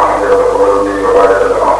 عليه وعلى آله وصحبه وبارك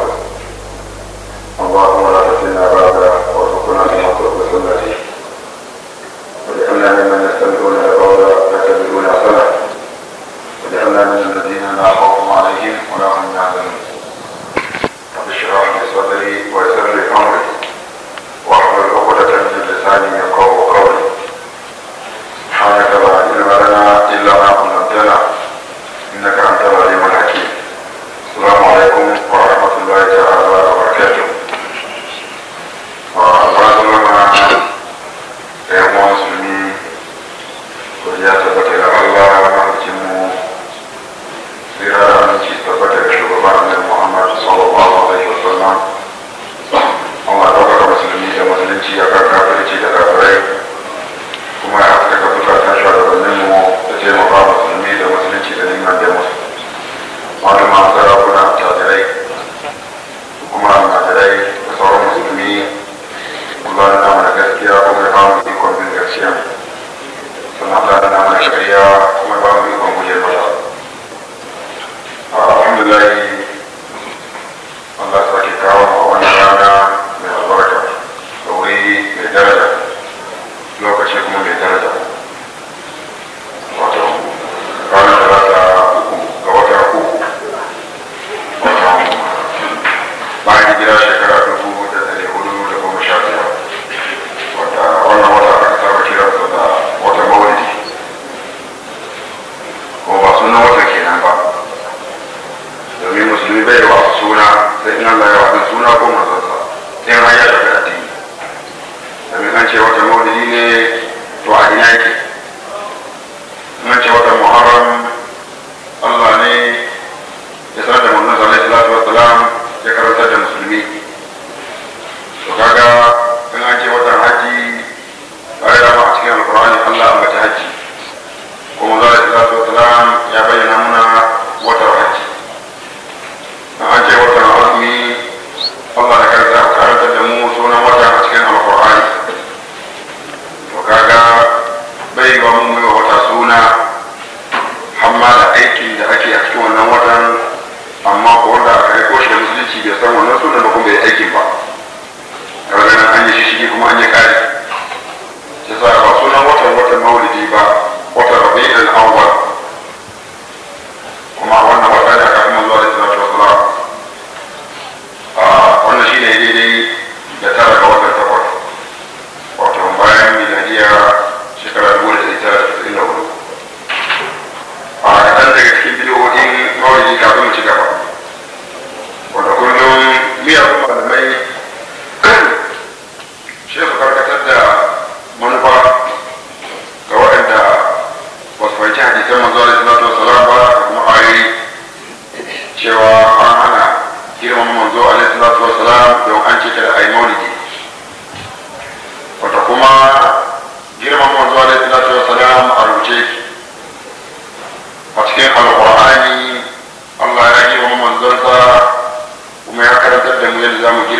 yadda za mu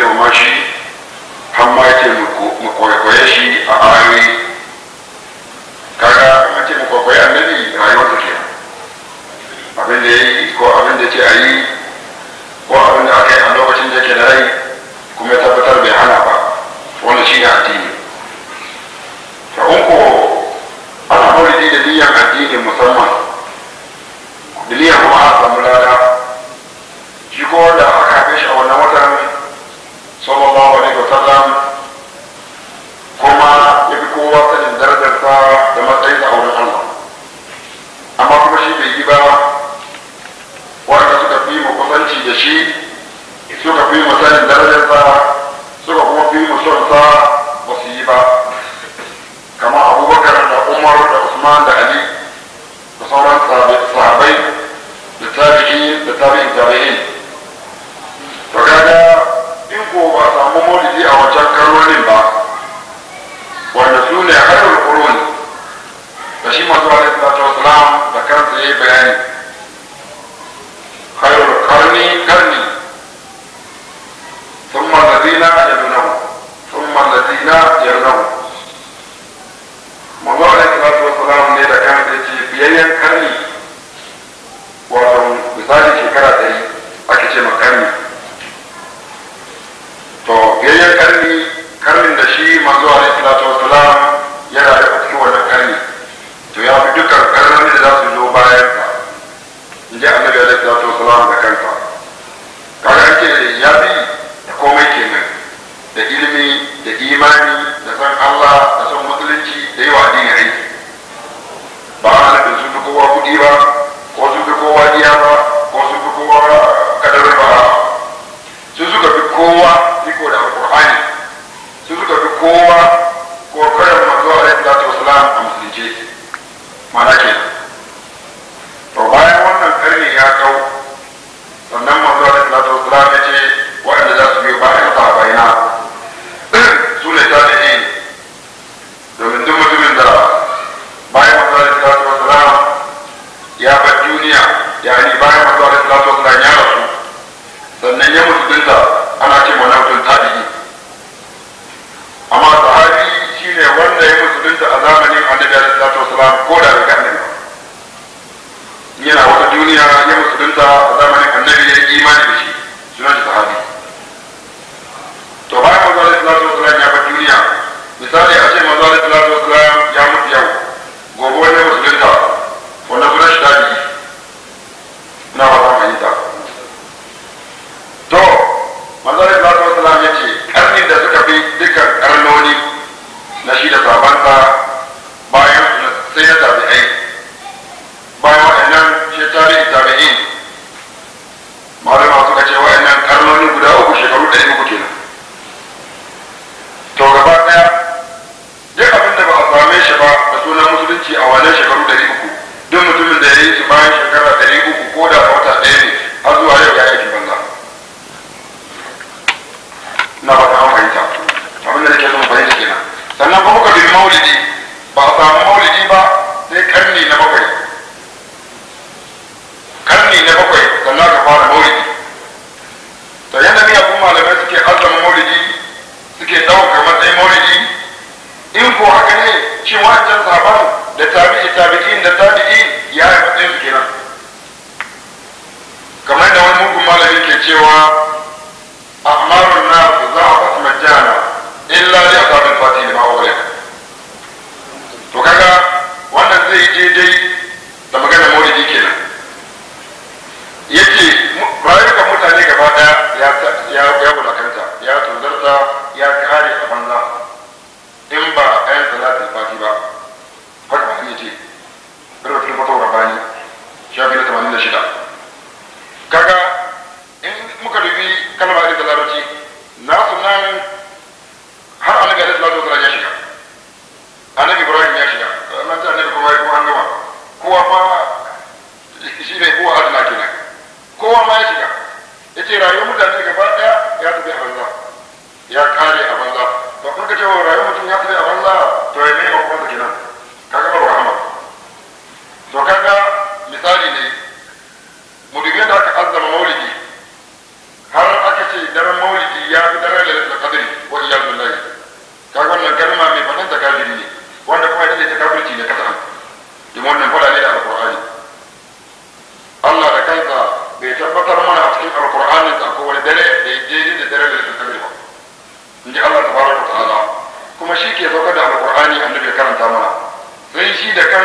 da ilimi da imani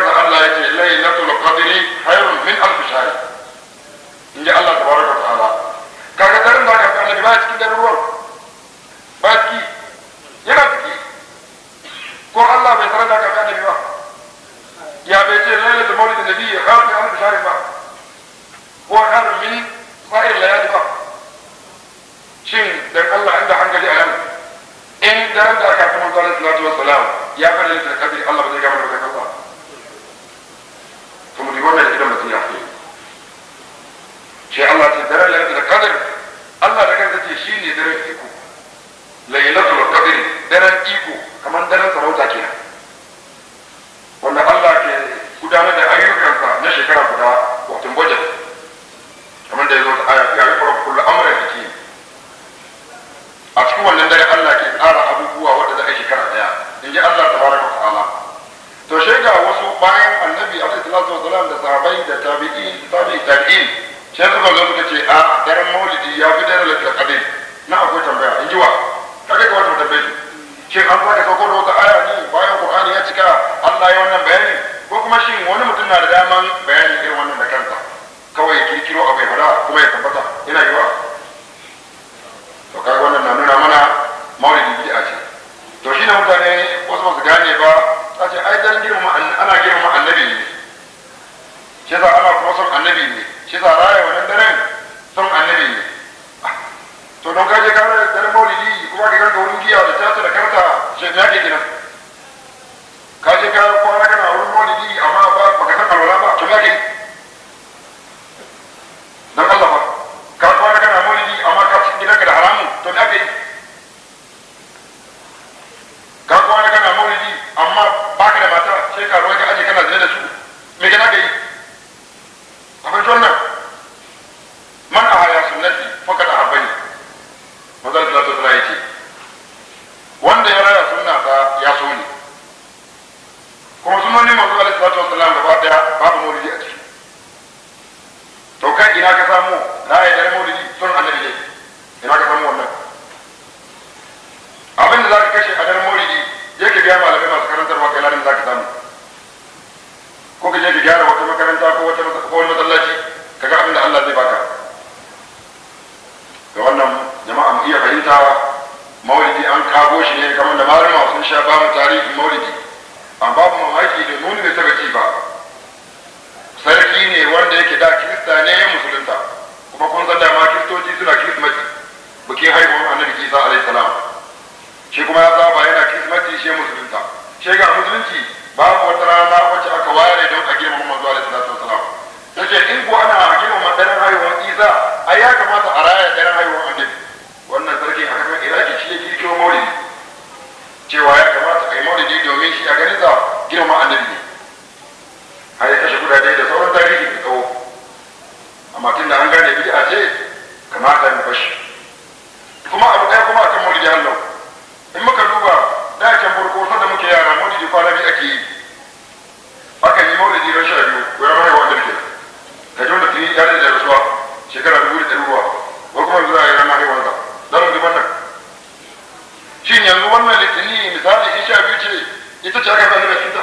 كان الله يتي ليلة القدر خير من ألف شهر إن جاء الله تبارك وتعالى كاكا دارن دا كاكا الله بايت كي دارن ور بايت كي يلا تكي كو الله بيترى دا كاكا النبي با يا بيتي ليلة مولد النبي خير من ألف شهر با هو خير من سائر الليالي با شين دان الله عنده حنك الأهم إن دارن دا كاكا الله عليه الصلاة والسلام يا بني القدر الله بدي كامل بدي كامل kuma ki wannan ita mutum ya koyi ce Allah ce daren da qadr Allah da kansa ce shine daren iko lailatul qadr daren iko kamar daren sarauta kenan wanda Allah ke gudanar da ayyukansa na shekara guda wato budget kamar da ya zo ta aya ya rufe kullu amrin dake a cikin wannan dare Allah ke tsara abubuwa wanda za a shekara daya in ji Allah tabaraka wa ta'ala to shega bayan annabi alaihi salatu wasalam da sahabai da tabi'i tabi tabi'in sai suka zo suka ce a daren maulidi ya fi daren lalatul kade na akwai tambaya in ji wa kaga ka wata tambaye shi shin an fara sauko wata aya ne bayan qur'ani ya cika Allah ya wannan bayani ko kuma shin wani mutum na da daman bayani irin wannan da kansa kawai ya kirkiro a bai fara kuma ya tabbata yana yiwa to kaga wannan na nuna mana maulidi bid'a ce to shi ne mutane wasu ba su gane ba a ce ai dan girma ana girma annabi ne shi za ana kuma son annabi ne shi za raya wannan daren son annabi ne ah, to don kaje ka raya daren maulidi kuma ka ganka wurin giya da tata da karta shi ne ke gina kaje ka kwana kana wurin maulidi amma ba ka san alwala ba to ya ke itu cara bagaimana kita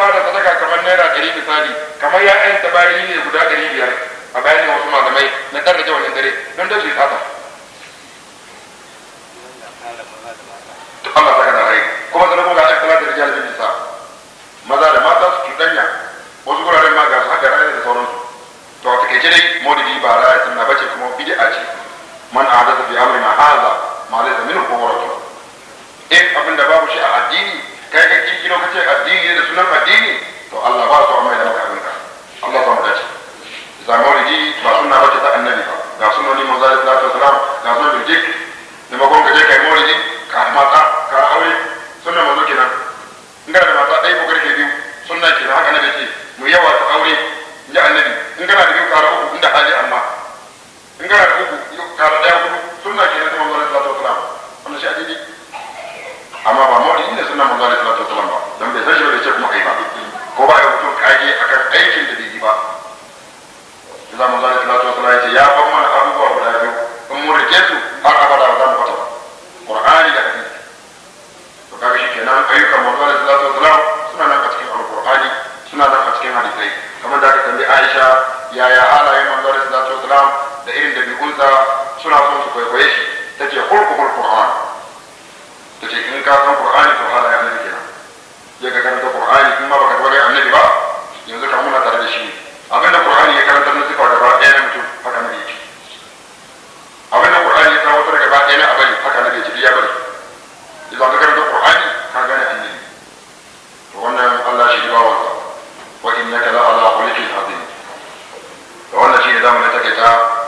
ba da sadaka kamar naira ɗari misali kamar ya ayyanta bayan ne guda ɗari biyar a bayanin wasu malamai na ɗan rage dare don don shi sata Allah saka na rai kuma sanar kuma ga aka kala da jihar bisa maza da mata su cuɗanya wasu guraren ma ga su haka rai da sauransu to a takaice dai maulidi ba sun na bace kuma a ce man a ahadatha tafi amrina haza ma da minhu kowar wato in abinda babu shi a addini kai ka kirkiro ka ce addini da sunan addini to Allah ba su amma da maka abin ka Allah ba mu dace zamawridi ba sunna bace ta annabi ba ga sunnoni manzo Allah sallallahu alaihi wasallam ga sunan dik ne ma gon ka je kai mawridi ka mata ka aure sunna manzo kenan in ga da mata dai ko karke biyu sunna kenan haka nabi ce mu yawa ta aure in ji annabi in kana da biyu kara uku inda hali amma in kana da uku kara daya hudu sunna kenan ta manzo Allah sallallahu alaihi wasallam shi addini amma ba watsi da sunan manzo alaihi salatu wasallam ba dan bai san shi ba da ce kuma kai ba ko ba ya mutum kage akan aikin da bai yi ba da manzo alaihi salatu wasallam ya ce ya ban mana abubuwa guda biyu in mun rike su har abada ba za mu fata ba qur'ani da hadisi to kaga shi kenan ayyukan manzo alaihi salatu wasallam suna nan a cikin alqur'ani suna nan a cikin hadisai kamar da aka tambayi Aisha yaya halayen manzo alaihi salatu wasallam da irin da bi dabi'unsa suna son su kwaikwaye shi tace hulqul qur'an ta in ka san qur'ani to halaye annabi kenan ya ka karanta qur'ani in ma baka tabbata annabi ba yanzu ka muna tare da shi abinda qur'ani ya karanta na sifa gaba ɗaya na mutum haka nabi yake abinda qur'ani ya kawo gaba ɗaya na abali haka nabi yake ya bari idan ka karanta qur'ani ka gane annabi to wannan Allah shi ba wa wa innaka la ala khuluqin azim to wannan shi ne zamu ta kai ta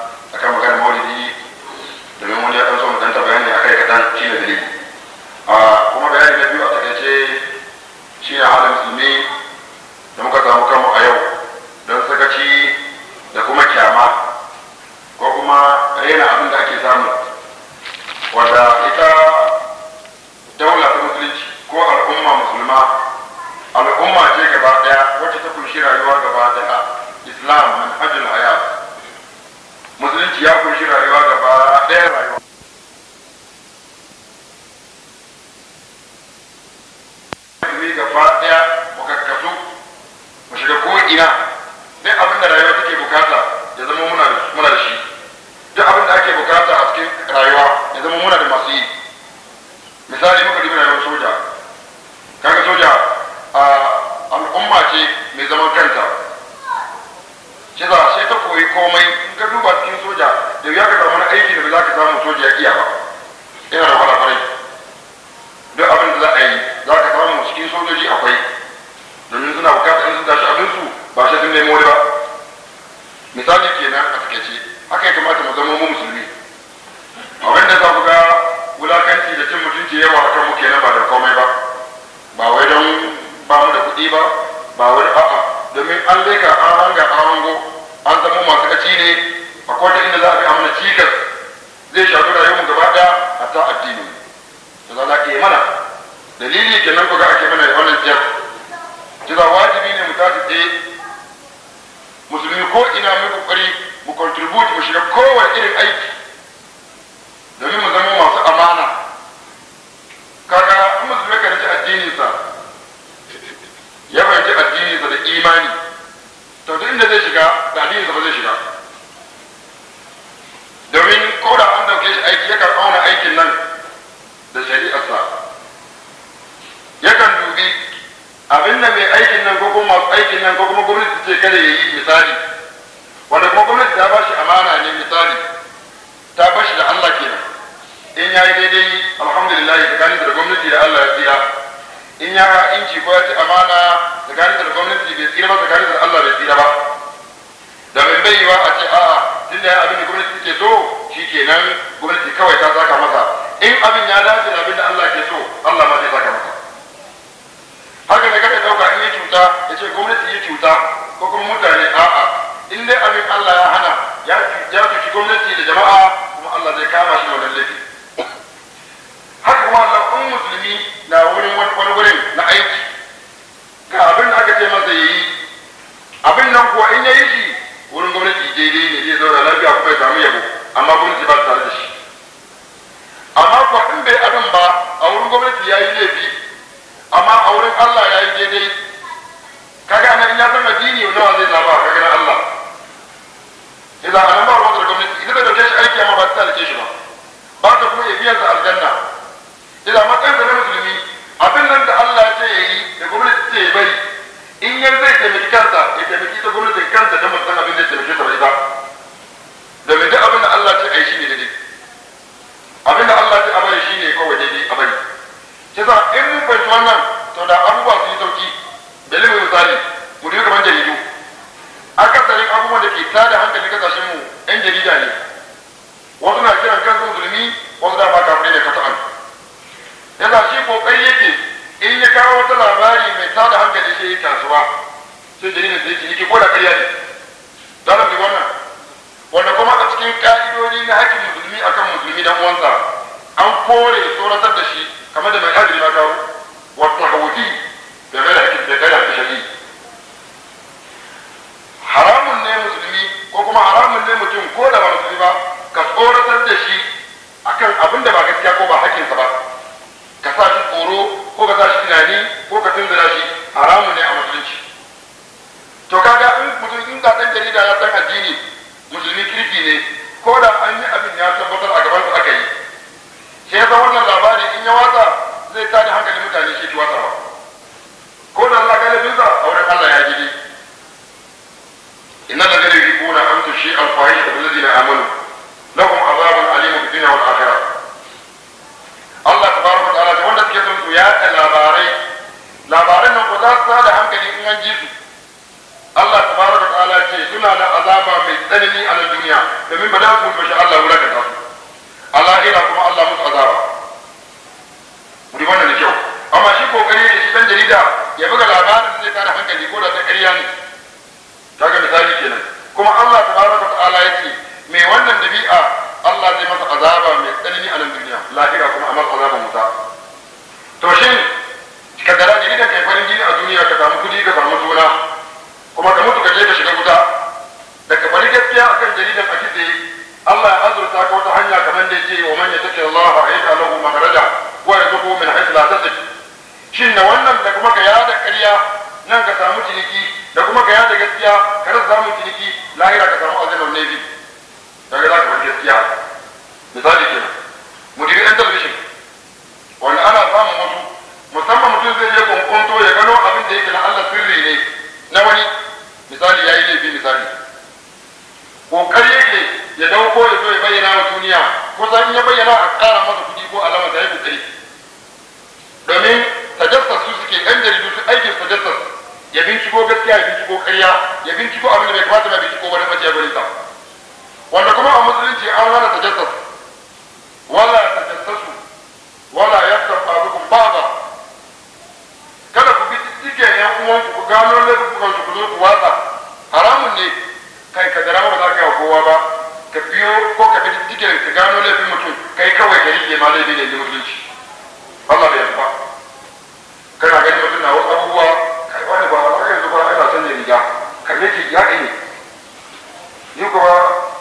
I, da limu misali mu dubi kamar jaridu akasarin abubuwan da ke tada hankali kasashen mu yan jarida ne wasu na kiran kansu musulmi wasu da ba kafirai da kata'an yasa shi kokari yake in ya kawo wata labari mai tada hankali sai ya kasuwa sai jaridar sai ciniki ko da kariya ne dole wannan wanda kuma a cikin ka'idodi na hakkin musulmi akan musulmi dan uwansa an kore tsoratar da shi kamar da mai hajji na kawo wata hawuti da da haramun ne musulmi ko kuma haramun ne mutum ko da ba musulmi ba ka tsoratar da shi akan abin da ba gaskiya ko ba hakinsa ba ka sa shi tsoro ko ka sa shi tunani ko ka tunzura shi haramun ne a musulunci to kaga in mutum in ga dan jarida ya san addini musulmi kirki ne ko da an yi abin ya tabbatar a gaban aka yi sai ya wannan labari in ya watsa zai tada hankalin mutane shi ki ba. ko da Allah galibin sa a wurin Allah ya gidi inna da gari rikuna an tushi alfahish da ladina amanu lahum azabun alimu fi dunya wal akhirah Allah tabaraka wa ta'ala wanda suke son su yaɗa labarai labaran nan ko za su da hankali in an ji su Allah tabaraka wa ta'ala ce suna da azaba mai tsanani a nan duniya domin ba za su bashi Allah wuraka ta su a kuma Allah musu azaba mu wannan da kyau amma shi kokari da shi dan jarida ya buga labarin zai kare hankali ko da ta ƙarya ne ga misali kenan kuma Allah tabaraka ta'ala yake mai wannan dabi'a Allah zai masa azaba mai tsanani a nan duniya lahira kuma a masa azaban wuta to shin ka gara gidi da kai farin gini a duniya ka samu kudi ka samu suna kuma ka mutu ka je ka shiga wuta da ka bari gaskiya akan jaridan a kitse Allah ya azurta ka wata hanya kamar da yake wa man yattaqi Allah yaj'al lahu makhraja wa yarzuqhu min haythu la tasib shin da wannan da kuma ka yada ƙarya nan ka samu ciniki da kuma ka yada gaskiya ka rasa samun ciniki lahira ka samu azalar navy daga za ka wani gaskiya misali mu mudirin ɗan talabishin wani ana samun wasu musamman mutum zai je kwankwanto ya gano abin da yake na allah sirri ne na wani misali ya yi laifi misali kokari yake ya dauko ya zo ya bayyana wa duniya kusan in ya bayyana a kara masa kuɗi ko alama da ya fi domin tajassas su suke kan jaridu su aikin tajassas ya binciko gaskiya ya binciko karya ya binciko abin da bai kamata ba binciko wani mace ya gurin sa wanda kuma a musulunci an hana tajassas wala su wala ya yaftar farukum ba kada ku bi cikin yan uwanku ku gano laifukan ku zo ku watsa haramun ne kai ka gara ba za ka yi kowa ba ka biyo ko ka bi cikin ka gano laifin mutum kai kawai ka rike ma laifin da musulunci Allah bai yarda kana ganin mutum na wasu abubuwa kai wani ba wani yanzu ba ana son ya riga kai yake ya ɗaya ni kuma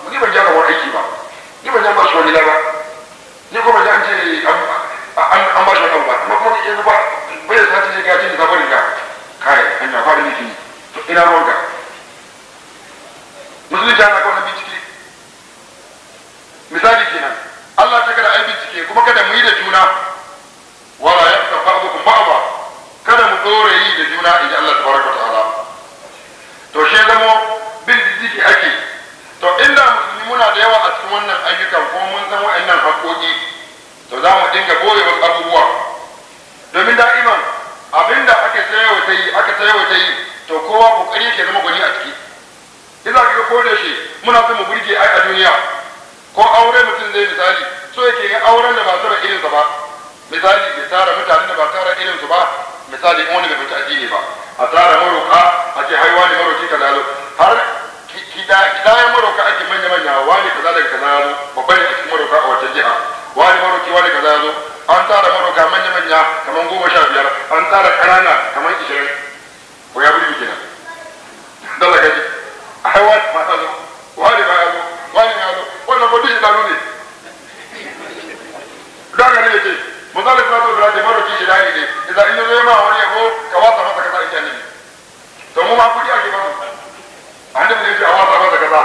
ni ban ja wani aiki ba ni ban ja ba shi wani ba ni kuma ja an ce an ba shi wani abu ba amma kuma yanzu ba bai da sati ne ga cin da bari ga kai an ya fara miki to ina ruwan ka musulunci ana kawai bincike misali kenan Allah ta kada an bincike kuma kada mu yi da juna wala ya tafa ba'dukum ba. kada mu ɗora yi da juna in ji Allah tabaraka ta'ala misali in wani bai fita addini ba a tsara maroka a ce haiwa ne maroki ka zalo har kidayen maroka ake manya manya wani kaza daga kaza yaro babban ne a cikin maroka a wata jiha wani maroki wani kaza yaro an tsara maroka manya manya kamar goma sha biyar an tsara ƙanana kamar ishirin ko ya burbi kenan dalla ji a haiwa ma ta zo wani ma ya zo wani ma ya zo wannan ba duk idanu ne don haka ne ce mun zalika ta da da maroki shi dai ne idan in zo ma wani yabo ka wasa masa kaza ita ne to mu ma kudi ake ba annabi ne ya wasa masa kaza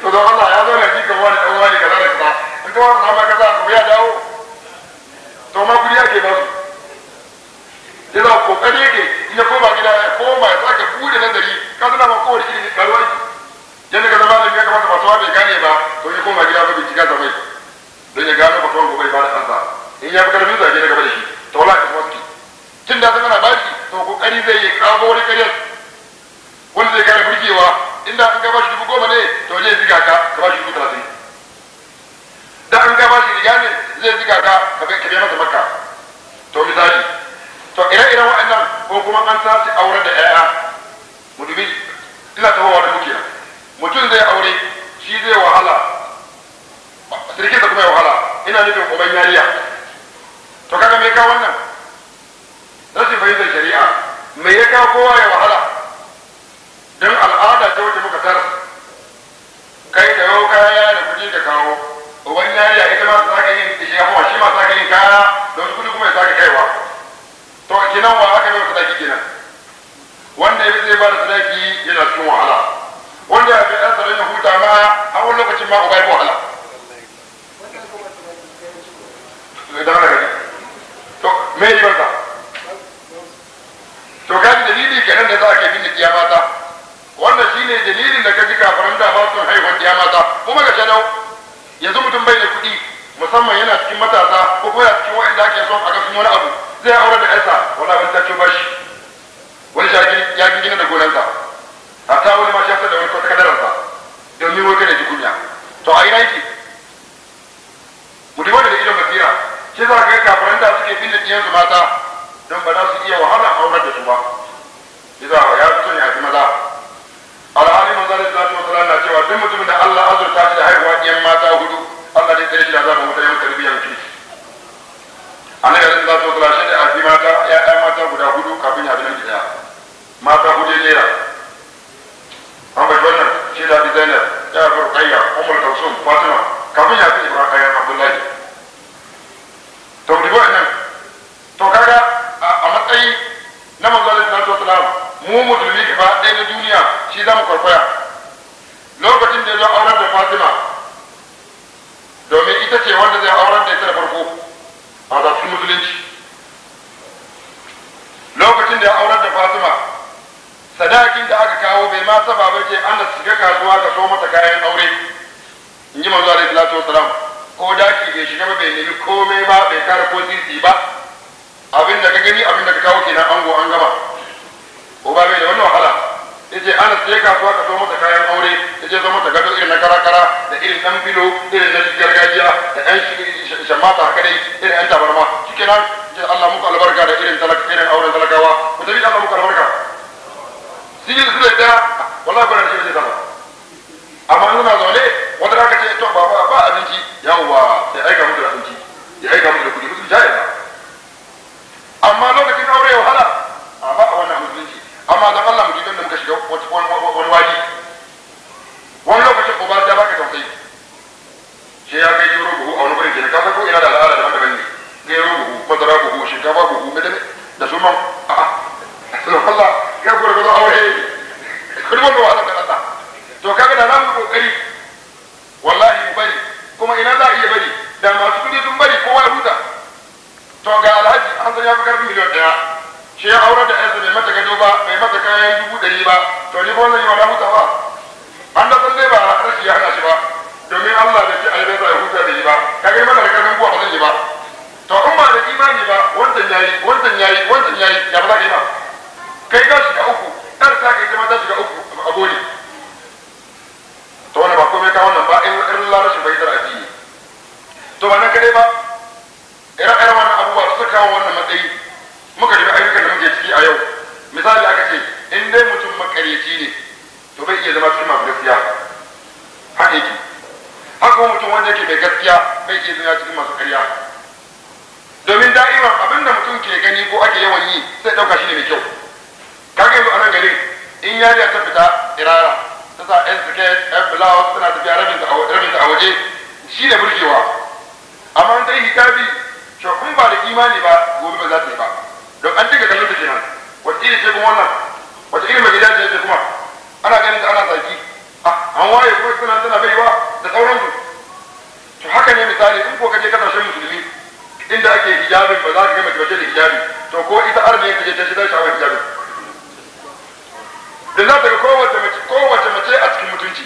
to don Allah ya zo ne ji kan wani dan wani kaza da kaza in ka wasa masa kaza to ya dawo to ma kudi a ake ba yana kokari yake in ya koma gida ya koma ya sake bude nazari ka tana ma kowace irin karuwa yadda ka zama da ya kamata ba tawa bai gane ba to ya koma gida ba bai jiga ta mai don ya gano ba tuwa bai ba da kansa in ya fi karfin zage na gaba da shi to wala ka wasu tun da zama na baki to kokari zai yi kawo wani kariyar wanda zai kare burgewa inda an gaba shi dubu goma ne to zai ziga ka ka ba shi dubu talatin da an gaba shi riga ne zai ziga ka ka biya masa maka to misali to ire-iren waɗannan ko kuma an sace aure da ƴaƴa mu dubi ina tabowa da muke mutum zai aure shi zai wahala sirkin da kuma ya wahala ina nufin kuma yariya to kaga me ka wannan rashin fahimtar shari'a me ya kawo kowa ya wahala don al'ada ta wuce muka tara kai da yau kaya da kuɗi da kawo uban yariya ita ma ta yin da shi kuma shi ma ta yin kaya da wasu kuɗi kuma ya saka kaiwa to kinan wa aka bai sadaki kenan wanda ya fi zai ba da sadaki yana cikin wahala wanda ya fi ɗansa don ya huta ma a wani lokacin ma uba ya wahala. Idan haka ne. to me yi barka to kaji dalili kenan da za a ke binne da mata wannan shine dalilin da ka kafaran da ba su haihuwar mata kuma ga shadau yanzu mutum bai da kuɗi musamman yana cikin matasa ko kuma yana cikin wa'anda ake son a ga wani abu zai aure da yarsa wani abin ta ce shi wani shi ya gina da gonansa hatta wani ma shi da wani kwata kadararsa domin wai kada ji kunya to a ina yake mu da idon basira shi za ka kafin da suke binne su mata don ba za su iya wahala a wurin da su ba iza ya fi son ya fi maza alhali manzo da salatu wasalam na cewa duk mutumin da Allah azurta shi da haihuwa diyan mata hudu Allah zai tsare shi da zaman wuta yan tarbiyyar ki annabi da salatu wasalam shi da abi mata ya ɗan mata guda hudu kafin ya bi nan gida mata hudu ne an bai wannan shi da bi zainab ya fi rukayya umar kalsum fatima kafin ya fi kayan abdullahi to mu nan to kaga a matsayi na manzo alaihi salatu mu musulmi gaba ɗaya na duniya shi za mu kwarkwaya lokacin da ya zo aurar da fatima domin ita ce wanda zai aurar da ita da farko a zafin musulunci lokacin da ya aurar da fatima sadakin da aka kawo bai ma saba bai ce an da shiga kasuwa ka so mata kayan aure in ji manzo alaihi salatu ko daki bai shiga ba bai nemi komai ba bai kare ko sisi ba abin da ka gani abin da ka kawo kenan ango an gaba ko ba bai da wani wahala yace ana sai kasuwa ka zo mata kayan aure yace zo mata gado irin na karakara da irin dan filo irin na gargajiya da dan shamata haka dai irin an tabarma nan yace Allah muku albarka da irin talaka irin auren talakawa ku tabi Allah muku albarka sigil su da wallahi ba na shi ba zama amma in zaune wanda ka ce to baba ba abinci yawwa sai aika musu da abinci ya aika musu da kudi musu jaye ba amma lokacin aure ya wahala a ba a wannan mutunci amma dan Allah mutum dan muka shiga wani wani wani lokacin ko ba ta baka tausayi sai ya kai jiro buhu wani gurin kenan ka ko ina da al'ada da wanda ne gero buhu madara buhu shinkafa buhu medeme da su man a'a Allah ya gurgurdo aure kurban da wahala da Allah to kaga da namu kokari wallahi mu bari kuma ina za a iya bari da masu kudi sun bari kowa ya huta to ga alhaji an san ya fi karfin miliyan ɗaya shi ya aure da yansa bai mata gado ba bai mata kayan dubu ɗari ba to ni ba zan yi wala huta ba an da san dai ba rashi ya hana shi ba domin Allah bai ce alhaji ya huta da yi ba ka ga mana da karfin buwa ba zan yi ba to in ba da imani ba wancan yayi wancan yayi wancan yayi ya ba za ka yi ba kai ka shiga uku ɗan ta kai ta ma ta shiga uku a gori to wani ba komai ka wannan ba in irin larashin fahimtar addini to ba nan kadai ba ire-iren wannan abubuwa suka kawo wannan matsayi muka dubi ayyukan da muke ciki a yau misali aka ce in dai mutum makaryaci ne to bai iya zama cikin masu gaskiya haka yake haka mutum wanda yake mai gaskiya bai iya zama cikin masu karya domin da'ima abinda mutum ke gani ko ake yawan yi sai ɗauka shi ne mai kyau kaga yanzu a nan garin in a ta fita irara ta sa yan siket yan blouse tana tafiya rabin ta a waje shi da burgewa amma in ta yi hijabi to ba da imani ba gobe ba za ta yi ba don an dinga kallon ta kenan wata iri ce kuma wannan wata irin mai gida ce kuma ana ganin ta ana zaki ah, an waye kuma suna tana baiwa da sauransu to haka ne misali in ko kaje kasashen musulmi inda ake hijabin ba za ka ga mace da hijabi to ko ita arziki kaje ta shi ta shawar hijabin da za kowace mace kowace mace a cikin mutunci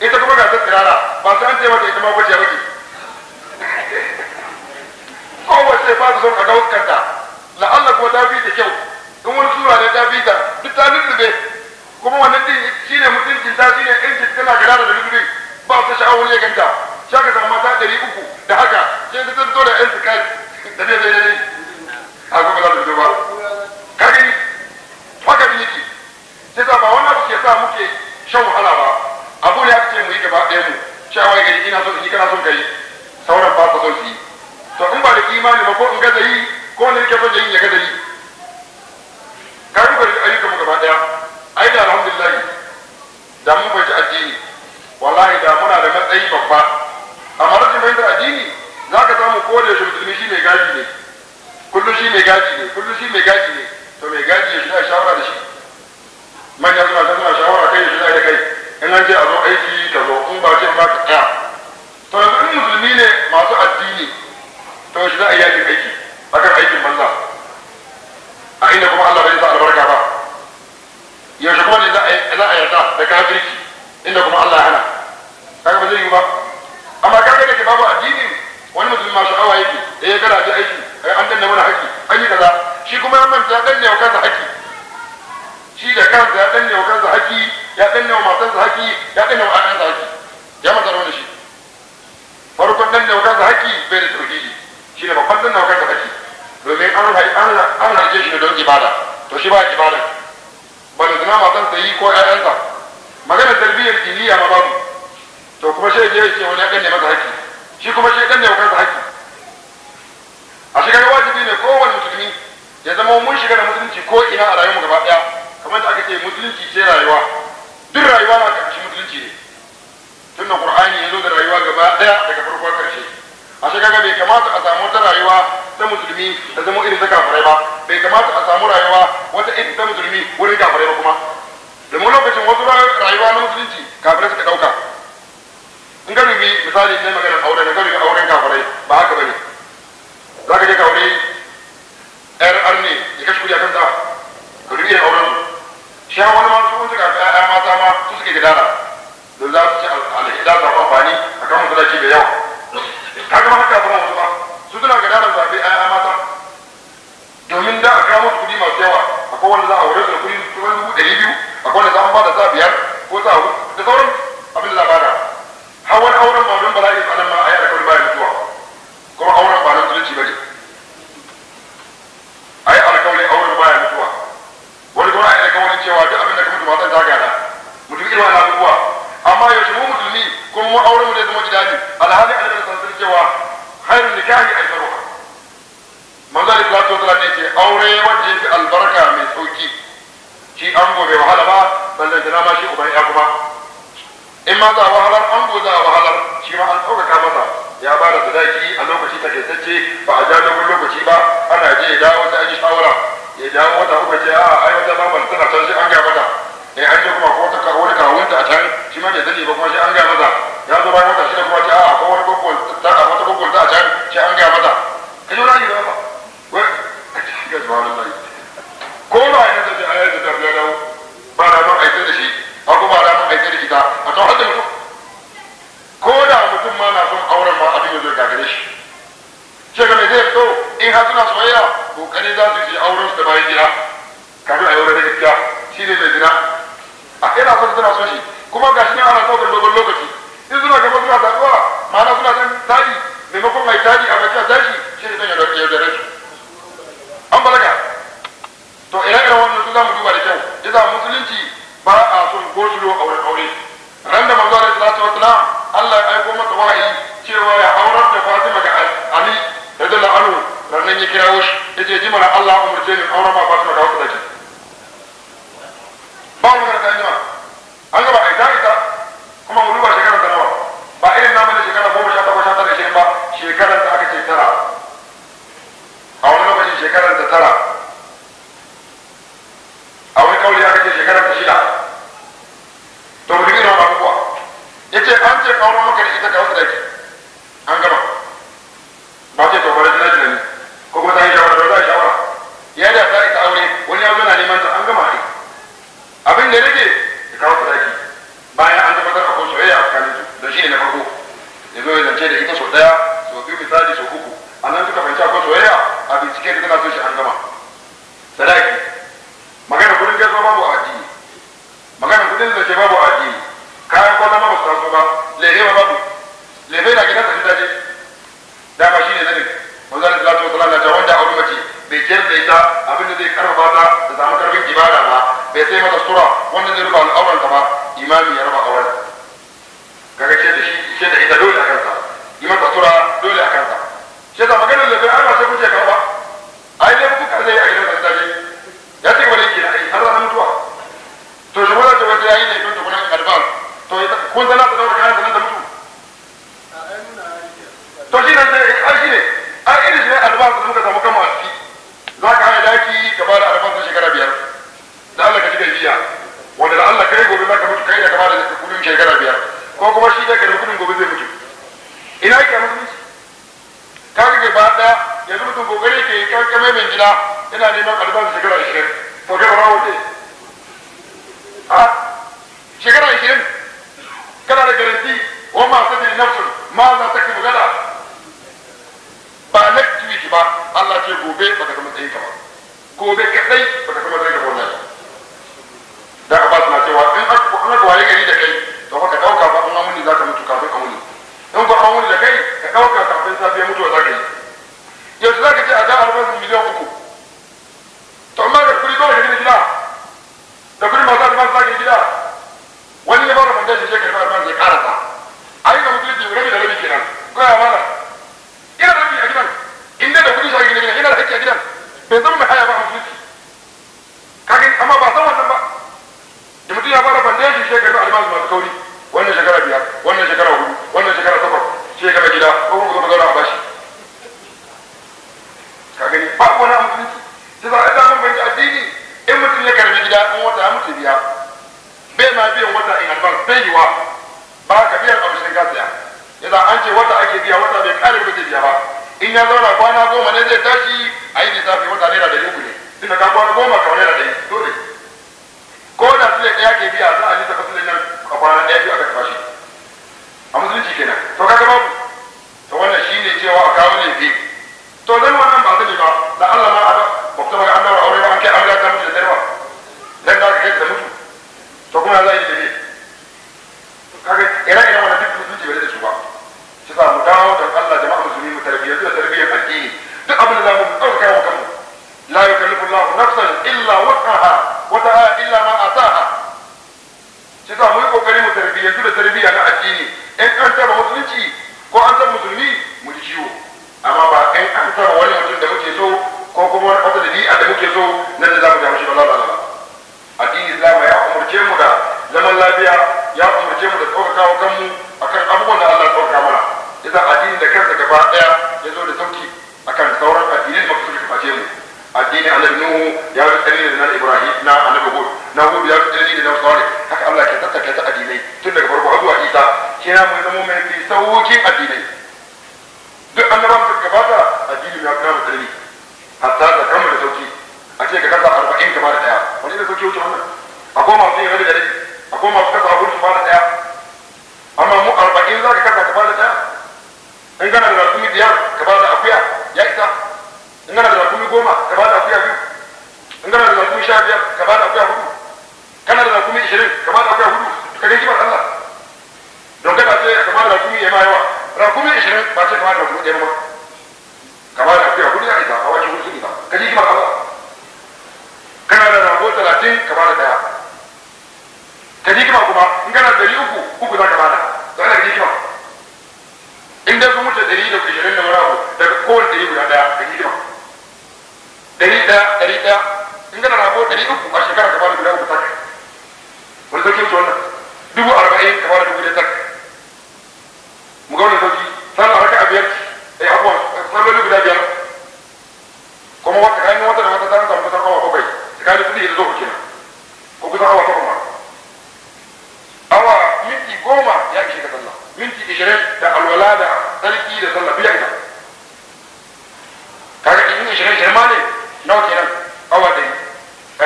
ita kuma ga ta tsirara ba san ce mata ita ma gwaje bace kowace ba ta son a ga la Allah kuma ta bi da kyau in wani sura ne ta fi ta duk ta lullube kuma wannan din shine mutuncin ta shine ji tana gara da lullube ba ta sha'awar ya ganta shaka ta mata ɗari uku da haka sai ta zo da yan sukari da dai dai dai a gobe za ta ba ka gani haka ne yake sai sa ba wani abu ke sa muke shan wahala ba abu ne aka ce mu yi gaba ɗaya mu cewa gari ina so in yi kana son kai sauran ba ka son shi to in ba da imani ba ko in gaza yi ko wanda yake son yin ya gaza yi ka duba da ayyukan mu gaba ɗaya ai da alhamdulillah da mun bai addini wallahi da muna da matsayi babba amma rashin ta addini za ka samu ko da musulmi shi mai gaji ne kullum shi mai gaji ne kullum shi mai gaji ne to mai gaji ya shi shawara da shi manyan suna ta suna shawara kai da shiga da kai in an ce a zo aiki ka zo in ba ce ba ka tsaya to yanzu in musulmi ne masu addini to shi za a yi yakin aiki akan aikin banza a inda kuma Allah bai sa albarka ba yaushe kuma ne za a yarda da kafirci inda kuma Allah ya hana kaga ba zai yi ba amma kaga da ke babu addini wani musulmi ma sha'awa yake eh kada ji aiki an danna mana haƙƙi an yi kaza shi kuma ya manta ya danne wa kansa haƙƙi shi da kansa ya danne wa kansa haƙi ya danne wa matansa haƙi ya danne wa ɗansa haƙi ya mata da shi farkon danne wa kansa haƙi bai da tauhidi shi ne babban danne wa kansa haƙi domin an harje an haƙe shi don ibada to shi ba ibada ba da zina matansa yi ko ƴaƴansa magana tarbiyyar diniya ma babu to kuma shi ya ce wani ya danne masa haƙi shi kuma shi ya danne wa kansa haƙi a shigar wajibi ne kowane musulmi ya zama mun shiga da musulunci ko ina a rayuwar gaba daya kamar da aka ce musulunci ce rayuwa duk rayuwa na karshe musulunci ne tunda qur'ani ya zo da rayuwa gaba daya daga farko karshe a shi kaga bai kamata a samu wata rayuwa ta musulmi ta zama irin ta kafirai ba bai kamata a samu rayuwa wata irin ta musulmi wurin kafirai ba kuma domin lokacin wasu rayuwa na musulunci kafirai suka dauka in ka rubi misali ne magana aure ne ka rubi auren kafirai ba haka bane za ka je ka aure yar arne ya kashe kuɗi a kanta ka dubi auren su shi wani ma su suka mata ma su suke gidana don za su ci al'ida za amfani a kan musulunci da yawa kaga ma haka zama wasu ba su suna gidana su fi ƴaƴa mata domin da a kawo musu masu yawa akwai wanda za a kudi su da dubu ɗari biyu akwai wanda za a ba da sa biyar ko sa hudu da sauran gobe ba ta ga matsayin ta ba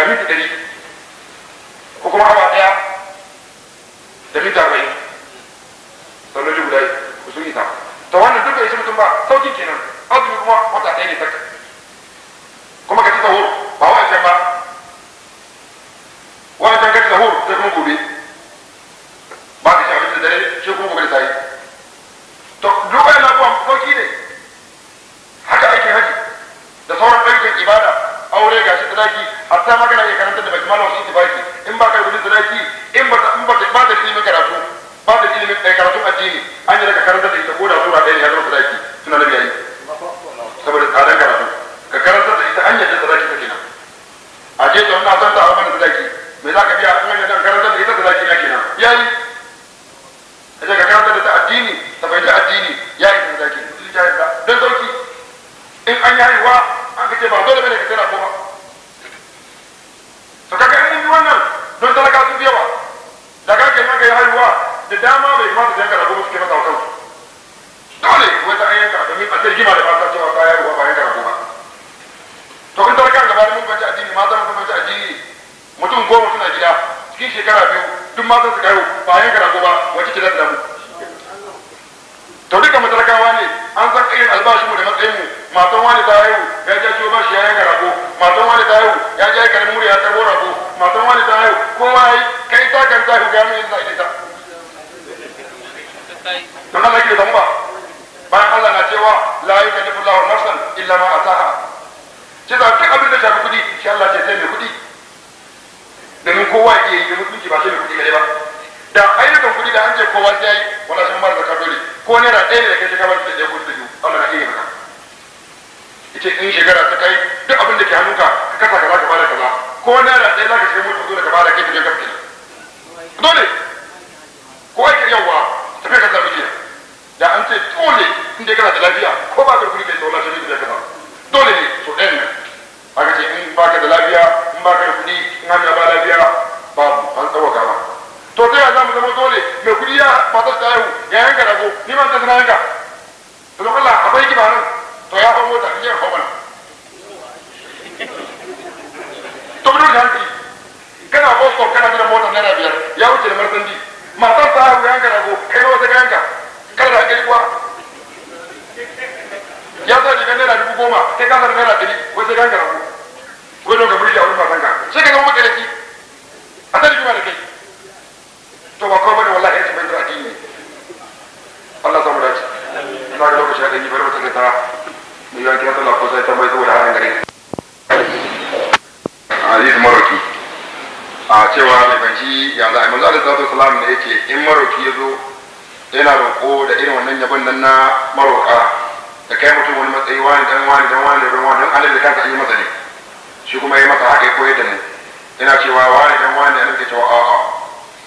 Gracias. kai ba da ayyukan kuɗi da an ce kowa ya yi wala sun mara zakar dole ko naira ɗaya da kai ka bar da ɗaya kuɗi da biyu na iya maka ita in shekara ta kai duk abin da ke hannunka ka kasa gaba ka bada kaza ko naira ɗaya za ka shiga mutu dole gaba da kai ka je kafin dole ko ake yawa tafiya ka zaɓi jiya da an ce dole in dai kana da lafiya ko ba ka kuɗi kai tsola shi da kama dole ne so ɗayan nan aka ce in ba ka da lafiya in ba ka da kuɗi in hanya ba lafiya babu an tsawaka ba to ta yaya za mu zama dole mai kudi ya matar ta haihu ya yanka rago ni ma ta tana yanka to don Allah akwai kiba nan to ya hau mota ya hau mana to mun da hankali kana bosko kana da mota na rabiya ya wuce da martandi matar ta haihu ya yanka rago kai wata ka yanka kada da kai kuwa ya sa jigan naira dubu goma kai ka san naira ɗari ko sai ka yanka rago ko don ka burge a wurin matanka sai ka da ki a ta da kai to ba kuma bane wallahi yanzu fahimtar addini Allah dace ina ga lokaci bari mu yi ko sai tambayi saboda gare maroki a cewa mai fanci ya za'a manzo alaihi salatu wasalam ne yake in maroki ya zo yana roƙo da irin wannan yabon nan na maroƙa da kai mutum wani matsayi wani dan wani dan wani dan wani dan annabi kanka yi masa ne shi kuma yi masa haka ya koyar da mu yana cewa wani dan wani annabi ke cewa a'a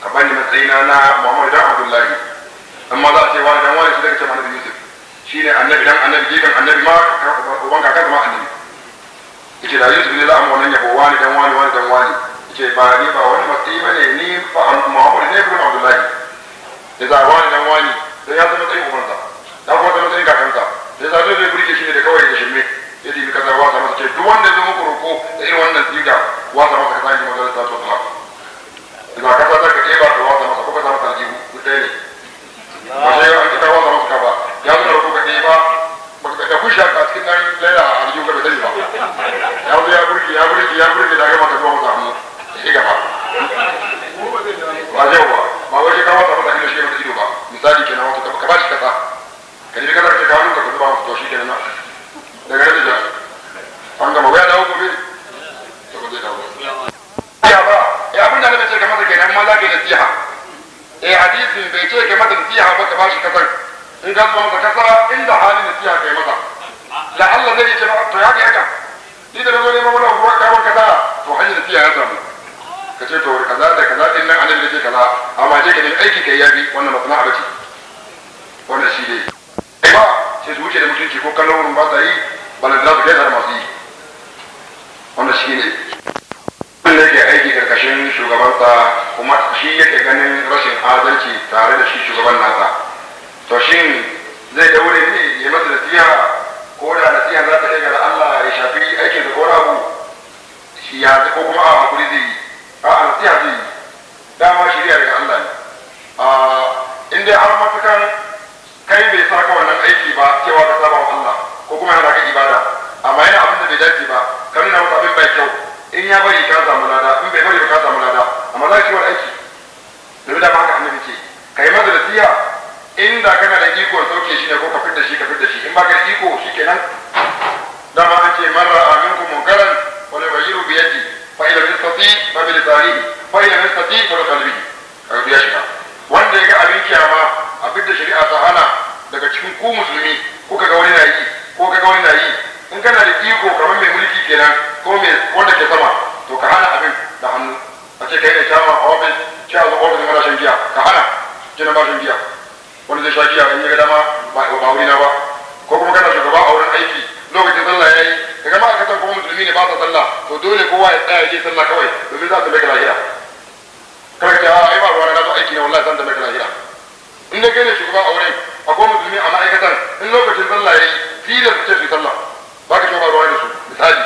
amma ni matsayina na muhammadu dan abdullahi amma za a ce wani dan wani shi daga ce annabi yusuf shi ne annabi dan annabi gefen annabi ma uban kakan ma annabi yace da yusuf ne za a mu wannan yabo wani dan wani wani dan wani yace ba ni ba wani matsayi bane ni ba muhammadu ne ibn abdullahi da za wani dan wani da ya zama matsayin ubansa da kuma zama matsayin kakansa da za zai burge shi ne da kawai da shirme ya dibi kaza wasa masa ce duk wanda zama kuroko da irin naira a arjun ka bai sani ba ya wuce ya burge ya burge ya burge da gama shi gaba ba ka masa masa ido shi masa ido ba misali kenan wato ka ba shi kasa ka da ya ba ya da ce ka masa ma za shi kasar in ka kasa halin nasiha kai masa la Allah zai ce to ya ga haka ni da zo neman wani abuwa ka kaza to hanyar tiya ya samu ka ce to kaza da kaza din nan annabi ce kaza amma je ka nemi aiki kai bi wannan masana'a bace wannan shi ne ai ba sai su wuce da mutunci ko kallon wurin ba ta yi balan da su kai har masu yi wannan shi ne wanda yake aiki karkashin shugabansa kuma shi yake ganin rashin adalci tare da shi shugaban nasa to shin zai daure ne ya masa da tiya ko da nasiha za ta iya daga Allah ya shafi aikin da kora abu shi ya ko kuma a hakuri zai yi a nasiha zai yi dama shirya daga Allah ne a inda har matakan kai bai saka wannan aiki ba cewa ka saba wa Allah ko kuma yana ka ibada amma yana abin da bai dace ba ka nuna wata abin bai kyau in ya bari ka samu lada in bai bari ba ka samu lada amma za ki wani aiki domin da ma haka annabi ce kai maza nasiha inda kana da iko sauke shi ne ko ka fitar shi ka fitar shi in ba ka da iko shi kenan dama an ce marra aminkum munkaran wa yi yughayyiru bi yadi fa ila yastati fa bi lisanihi fa sati ba da kalbi qalbihi kaga biya shi wanda ya ga abin kyama abin da shari'a ta hana daga cikin ku musulmi ko kaga wani na yi ko kaga wani na yi in kana da iko kamar mai mulki kenan ko mai wanda ke sama to ka hana abin da hannu a ce kai ne shama a ofis shi a zo ofis mara shan giya ka hana jina ba shan giya wani zai shaki a ga dama ba ba wuri na ba ko kuma kana shugaba a wurin aiki lokacin sallah yayi daga ma aka kuma musulmi ne ba sa sallah to dole kowa ya tsaya ya sallah kawai domin za su mai lahira kar ka ai ba ruwa na zo aiki ne wallahi san ta mai lahira in da gane shugaba a wurin akwai musulmi a ma'aikatan in lokacin sallah yayi fili su ce su sallah ba ka shugaba ruwa da su misali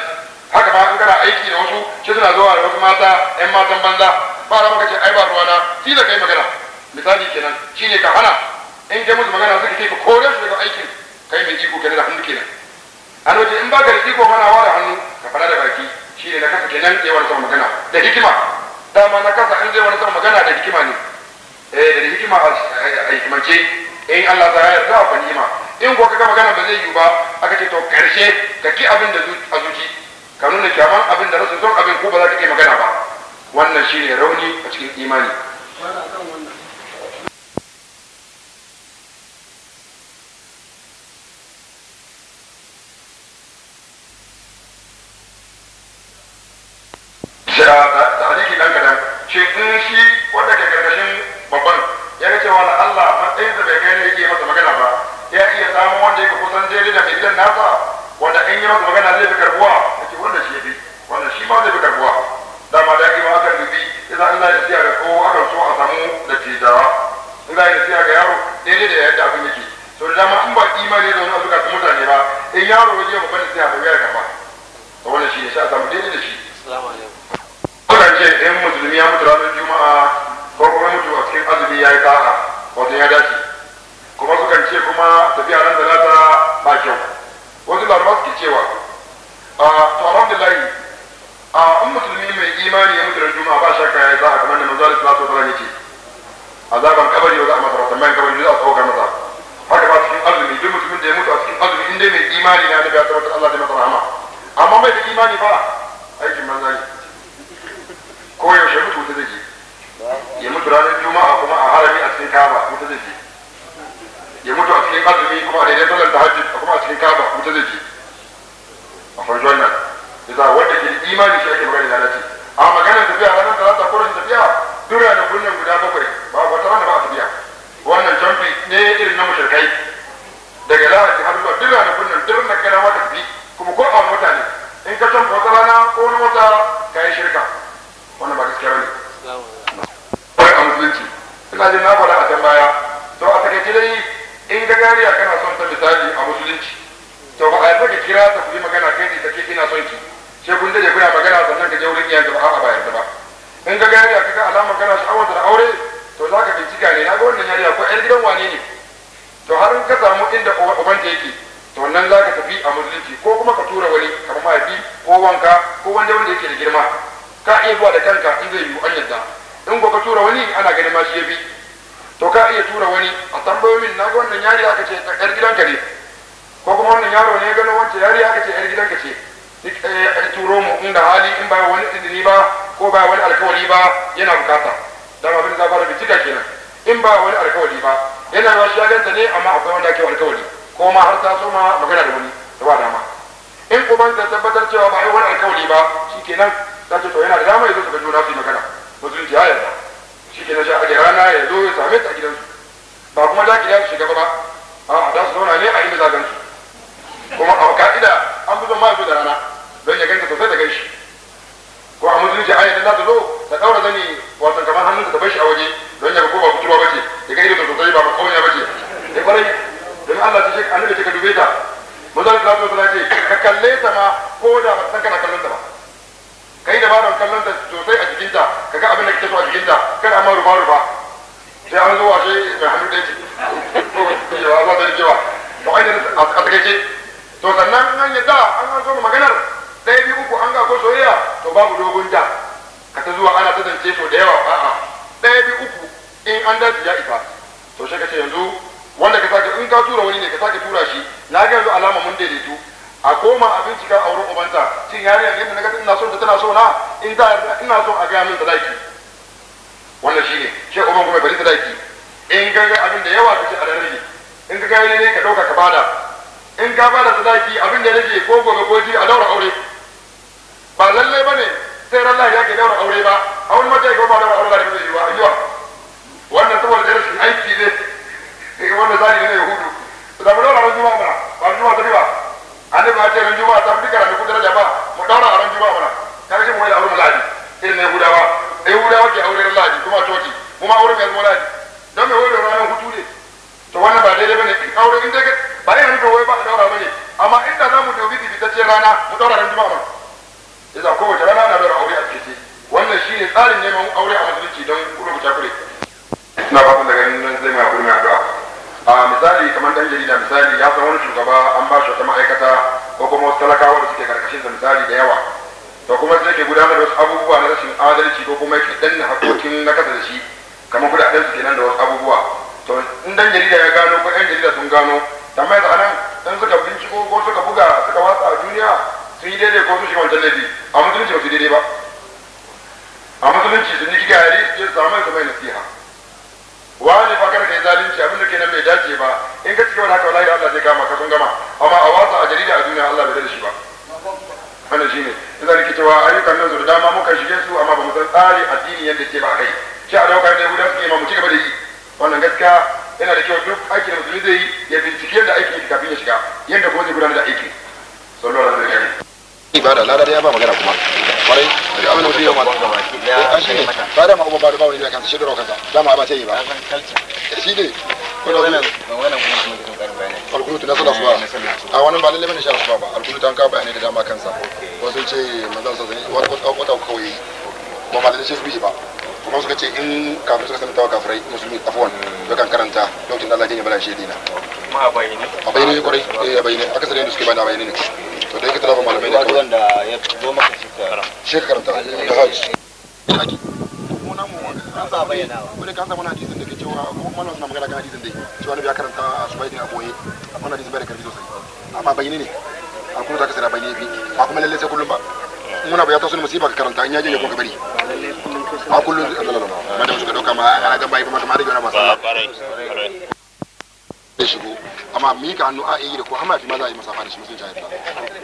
haka ba in kana aiki da wasu shi suna zuwa da wasu mata yan matan banza ba ra maka ce ai ba ruwa na ka kai magana misali kenan shine ka hana in ga musu magana suka ce ka kore su daga aikin kai mai iko kenan da hannu kenan an waje in ba baka da iko mana wara hannu ka fara da baki shi ne na kasa kenan ya wani sama magana da hikima dama na kasa in zai wani sama magana da hikima ne eh da hikima a hikimance in Allah ta yarda fa ni'ima in ko kaga magana ba zai yi ba aka ce to karshe ka ki abin da a zuci ka nuna kyaman abin da rasu abin ko ba za ka iya magana ba wannan shi ne rauni a cikin imani da hadisi dan kadan shi in shi wanda ke karkashin babban ya ga cewa na Allah matsayin sa bai kai ne yake masa magana ba ya iya samun wanda yake kusan daidai da mai gidan nasa wanda in yi masa magana zai fi karbuwa yake wanda shi ya bi wanda shi ma zai fi karbuwa dama da ma akan dubi idan Allah ya siya ga ko akan so a samu da tijawa in za siya ga yaro daidai da yadda abin yake to dama in ba imani da wani azuka mutane ba in yaro ya je babban siya ba ya karba wani laraba suke cewa a taron da layi a an musulmi mai imani ya mutu da juma ba shakka kaya za a kamar da mazali su salatu wani yake azaban kabari ba za a masa mai kabari kabari za a saukar masa haka ba cikin azumi duk musulmin da ya mutu a cikin azumi inda mai imani ya a ya ta Allah da masa rahama amma bai da imani ba aikin manzo ko yaushe mutu wuta zai ya mutu ranar juma'a kuma a harami a cikin kaba wuta zai ya mutu a cikin azumi kuma a daidai sallar tahajjud kuma a cikin kaba mutu zai ji a farji wannan yasa wanda ke imani shi ake magana da ce a maganar tafiya ranar talata ko rashin tafiya dura da kullum guda bakwai ba wata rana ba a tafiya wannan canfi ne irin na mushrikai daga lahadi har zuwa dura da kullum duk na kana ma tafi kuma ko a mota ne in ka canfa wata rana ko wani wata ka yi shirka wannan ba gaskiya bane wai a musulunci ina jin na faɗa a can baya to a takaice dai in ga yariya kana son ta misali a musulunci to ba a yarda kira ta ku yi magana kai ne ta ke ina son ki sai kun da kuna magana sannan ka je wurin iyayen ba a ba yarda ba in ga yariya kaga alama kana sha'awar da aure to za ka bincika ne na ga wannan yariya ko yan gidan wane ne to har in ka samu inda ubanta yake to wannan za ka tafi a musulunci ko kuma ka tura wani kamar mahaifi ko wanka ko wanda wanda yake da girma ka iya zuwa da kanka in zai yiwu an yadda in ko ka tura wani ana ganin ma shi ya bi to ka iya tura wani a tambayo min na wannan yari aka ce yar ka ne ko kuma wannan yaro ne gano wancan yari aka ce yar gidanka ce eh, a turo mu da hali in ba wani izini ba ko ba wani alkawali ba yana bukata dan abin da fara bincika kenan in ba wani alkawali ba yana ba shi ya ganta ne amma akwai wanda ake alkawari ko ma har ta so magana da wani da ba dama in uban ta tabbatar cewa ba yi wani alkawali ba shikenan ta ce to yana da dama ya zo ga juna su magana musulunci ya yarda shi ke na rana ya zo ya same ta a gidansu ba kuma da ki su shiga ba a za su zauna ne a inda zagan su kuma a ka'ida an fi ma zo da rana don ya ganta sosai da shi ko a mutum a yadda za ta zo ta ɗaura zani wasan kamar hannunta ta bashi a waje don ya ga ko ba kuturwa ba ce ya ga ido sosai ba ba kawai ba ce ya eh, kwarai domin Allah ta ce annabi ta ka dube ta mazalin lafiya ta ce ka kalle ta ma ko da ba san kana kallon ta ba kai dabarar kallon ta sosai a jikinta ka ga abin da kake so a jikinta kada amma rufa rufa sai an zo washe mai hannu ɗaya ce ko yawa ba da cewa to ai a takaice to sannan an da, an zo maganar ɗaya biyu uku an ga ko soyayya to babu dogon ta. ka ta zuwa ana ta zance so da yawa a'a ɗaya biyu uku in an dace ya isa to shi ka ce yanzu wanda ka sake in ka tura wani ne ka sake tura shi na ga yanzu alama mun daidaitu a koma a bincika a wurin ubanta cin yarinyar yadda na ga ina son ta tana so na in ta ina son a gaya min sadaki wannan shi ne shi kuma kuma bari sadaki in ga abin da yawa kace a ne, in ka gaya ne ka dauka ka bada in ka bada sadaki abin da rage ko gobe ko ji a daura aure ba lalle bane sai ran ya ke daura aure ba a wani mata ya ba daura aure ba da yi wa fil murad don me hore ranar hutu ne to wannan ba daidai bane in aure in daga ba yana nufin wai ba a daura bane amma inda za mu dauki dibitaccen rana mu daura ran juma'a yasa kowace rana na daura aure a cikin wannan ne tsarin neman aure a musulunci don kuma ku takure ina fatan daga nan zai ma kurmi addu'a a misali kamar dan jarida misali ya san wani shugaba an ba shi wata ma'aikata ko kuma wasu talakawa da suke karkashin sa misali da yawa to kuma sai ke gudanar da wasu abubuwa na rashin adalci ko kuma de la vie. da lada da ya ba magana kuma kwarai da abin da ya ma eh, a shi ne ba da ba da wani da kansa shi da za ma ba ta yi ba eh, shi ne na sallah a wannan ba lalle sha ba an ka bayanai da dama kansa wasu ce sa zai wata kawai ba ma lalle shi ba kuma suka ce in kafin suka sami kafirai musulmi afuwan da hmm. kan karanta lokacin da Allah ya bala shi dina a bayyane a bayyane kwarai eh a bayyane aka sani suke bayyana bayyane ne to da yake talaba malamai da kawai wanda ya zo maka shi shi karanta da hajji mu namu an sa bayyana wani hadisin da ke kuma a subai din a bai da karfi a kuma za a bayyane ba kuma kullum ba muna ba ya taso musiba ka karanta in ya je ne ko ka bari a kullum a zalala ba ma da suka dauka ma ana ga bai kuma ma da wani masa da shigo amma mika hannu a yi da ko hamafi ma za a yi masa fa da shi musulunci a